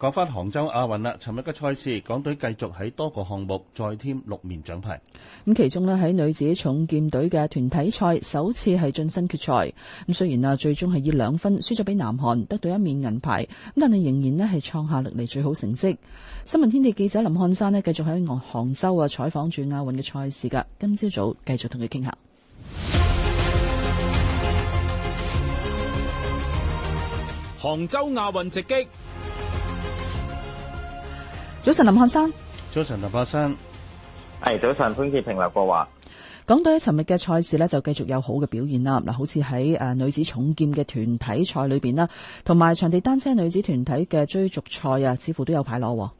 講翻杭州亞運啦，尋日嘅賽事，港隊繼續喺多個項目再添六面獎牌。咁其中咧喺女子重劍隊嘅團體賽，首次係晉身決賽。咁雖然啊，最終係以兩分輸咗俾南韓，得到一面銀牌。咁但係仍然咧係創下歷嚟最好成績。新聞天地記者林漢山咧繼續喺杭州啊採訪住亞運嘅賽事噶。今朝早繼續同佢傾下。杭州亞運直擊。早晨，林漢山。早晨，林漢山。係早晨，潘潔平。劉國華。港隊喺尋日嘅賽事呢，就繼續有好嘅表現啦。嗱，好似喺誒女子重劍嘅團體賽裏邊啦，同埋場地單車女子團體嘅追逐賽啊，似乎都有牌攞。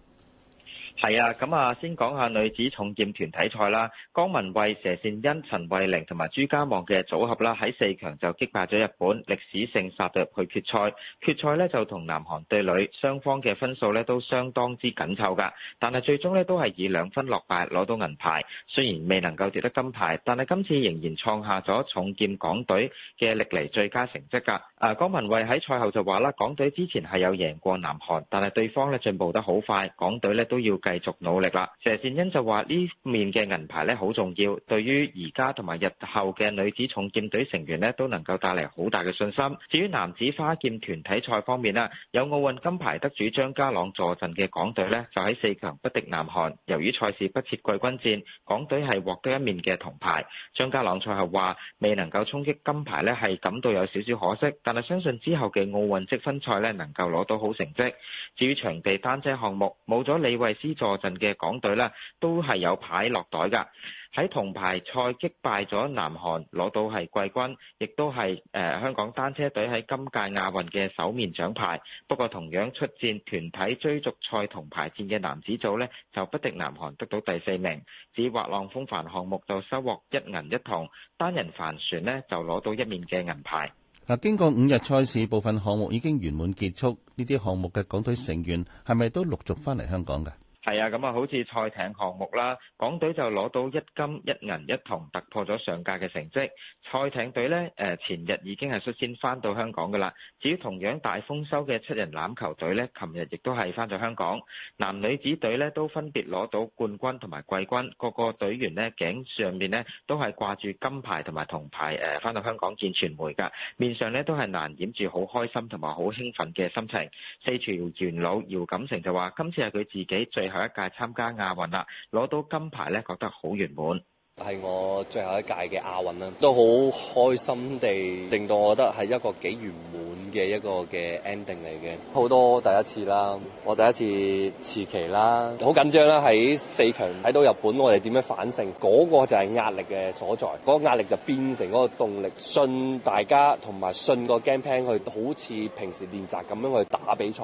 係啊，咁啊，先講下女子重劍團體賽啦。江文蔚、佘善欣、陳慧玲同埋朱家望嘅組合啦，喺四強就擊敗咗日本，歷史性殺入去決賽。決賽呢，就同南韓對壘，雙方嘅分數呢，都相當之緊湊噶，但係最終呢，都係以兩分落敗，攞到銀牌。雖然未能夠奪得金牌，但係今次仍然創下咗重劍港隊嘅歷嚟最佳成績噶。啊，江文蔚喺賽後就話啦，港隊之前係有贏過南韓，但係對方呢，進步得好快，港隊呢都要。繼續努力啦！佘善欣就話，呢面嘅銀牌呢，好重要，對於而家同埋日後嘅女子重劍隊成員呢，都能夠帶嚟好大嘅信心。至於男子花劍團體賽方面呢，有奧運金牌得主張家朗坐鎮嘅港隊呢，就喺四強不敵南韓。由於賽事不設季軍戰，港隊係獲得一面嘅銅牌。張家朗賽後話，未能夠衝擊金牌呢，係感到有少少可惜，但係相信之後嘅奧運積分賽呢，能夠攞到好成績。至於場地單車項目，冇咗李慧詩坐鎮嘅港隊啦，都係有牌落袋㗎。喺銅牌賽擊敗咗南韓，攞到係季軍，亦都係誒香港單車隊喺今屆亞運嘅首面獎牌。不過同樣出戰團體追逐賽銅牌戰嘅男子組呢，就不敵南韓得到第四名。至於滑浪風帆項目就收穫一銀一銅，單人帆船呢，就攞到一面嘅銀牌。嗱，經過五日賽事，部分項目已經圓滿結束，呢啲項目嘅港隊成員係咪都陸續翻嚟香港㗎？係啊，咁啊，好似賽艇項目啦，港隊就攞到一金一銀一銅，突破咗上屆嘅成績。賽艇隊呢，前日已經係率先翻到香港噶啦。至於同樣大豐收嘅七人欖球隊呢，琴日亦都係翻到香港。男女子隊呢，都分別攞到冠軍同埋季軍，個個隊員呢，頸上面呢，都係掛住金牌同埋銅牌，返翻到香港見傳媒嘅面上呢，都係難掩住好開心同埋好興奮嘅心情。四朝元老姚錦成就話：今次係佢自己最後。第一屆參加亞運啦，攞到金牌咧，覺得好圓滿。係我最後一屆嘅亞運啦，都好開心地，令到我覺得係一個幾圓滿嘅一個嘅 ending 嚟嘅。好多第一次啦，我第一次持旗啦，好緊張啦。喺四強睇到日本我們，我哋點樣反勝？嗰個就係壓力嘅所在，嗰、嗰個壓力就變成嗰個動力。信大家同埋信個 game plan，去好似平時練習咁樣去打比賽。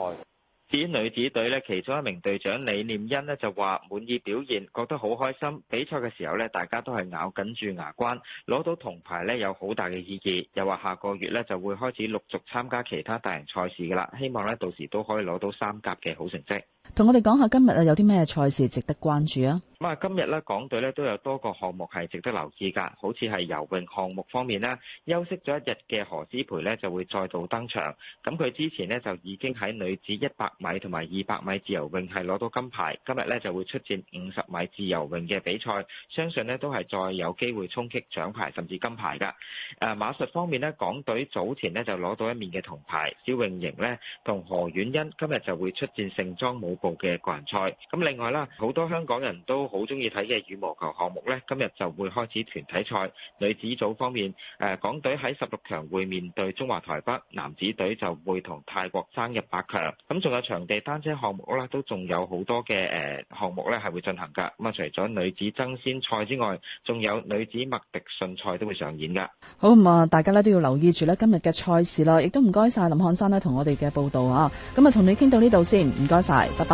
自己女子隊呢，其中一名隊長李念欣呢就話滿意表現，覺得好開心。比賽嘅時候呢，大家都係咬緊住牙關，攞到銅牌呢有好大嘅意義。又話下個月呢就會開始陸續參加其他大型賽事噶啦，希望呢到時都可以攞到三甲嘅好成績。同我哋講下今日啊，有啲咩賽事值得關注啊？咁啊，今日呢港隊呢都有多個項目係值得留意噶，好似係游泳項目方面咧，休息咗一日嘅何詩蓓呢就會再度登場。咁佢之前呢，就已經喺女子一百米同埋二百米自由泳係攞到金牌，今日呢，就會出戰五十米自由泳嘅比賽，相信呢都係再有機會衝擊獎牌甚至金牌噶。誒，馬術方面呢，港隊早前呢就攞到一面嘅銅牌，蕭穎盈呢，同何婉欣今日就會出戰盛裝舞部嘅個人賽，咁另外啦，好多香港人都好中意睇嘅羽毛球項目呢，今日就會開始團體賽。女子組方面，誒港隊喺十六強會面對中華台北，男子隊就會同泰國爭入八強。咁仲有場地單車項目啦，都仲有好多嘅誒項目呢係會進行㗎。咁啊，除咗女子爭先賽之外，仲有女子麥迪遜賽都會上演㗎。好，咁啊，大家呢都要留意住呢今日嘅賽事啦，亦都唔該晒林漢山呢同我哋嘅報導啊。咁啊，同你傾到呢度先，唔該晒，拜拜。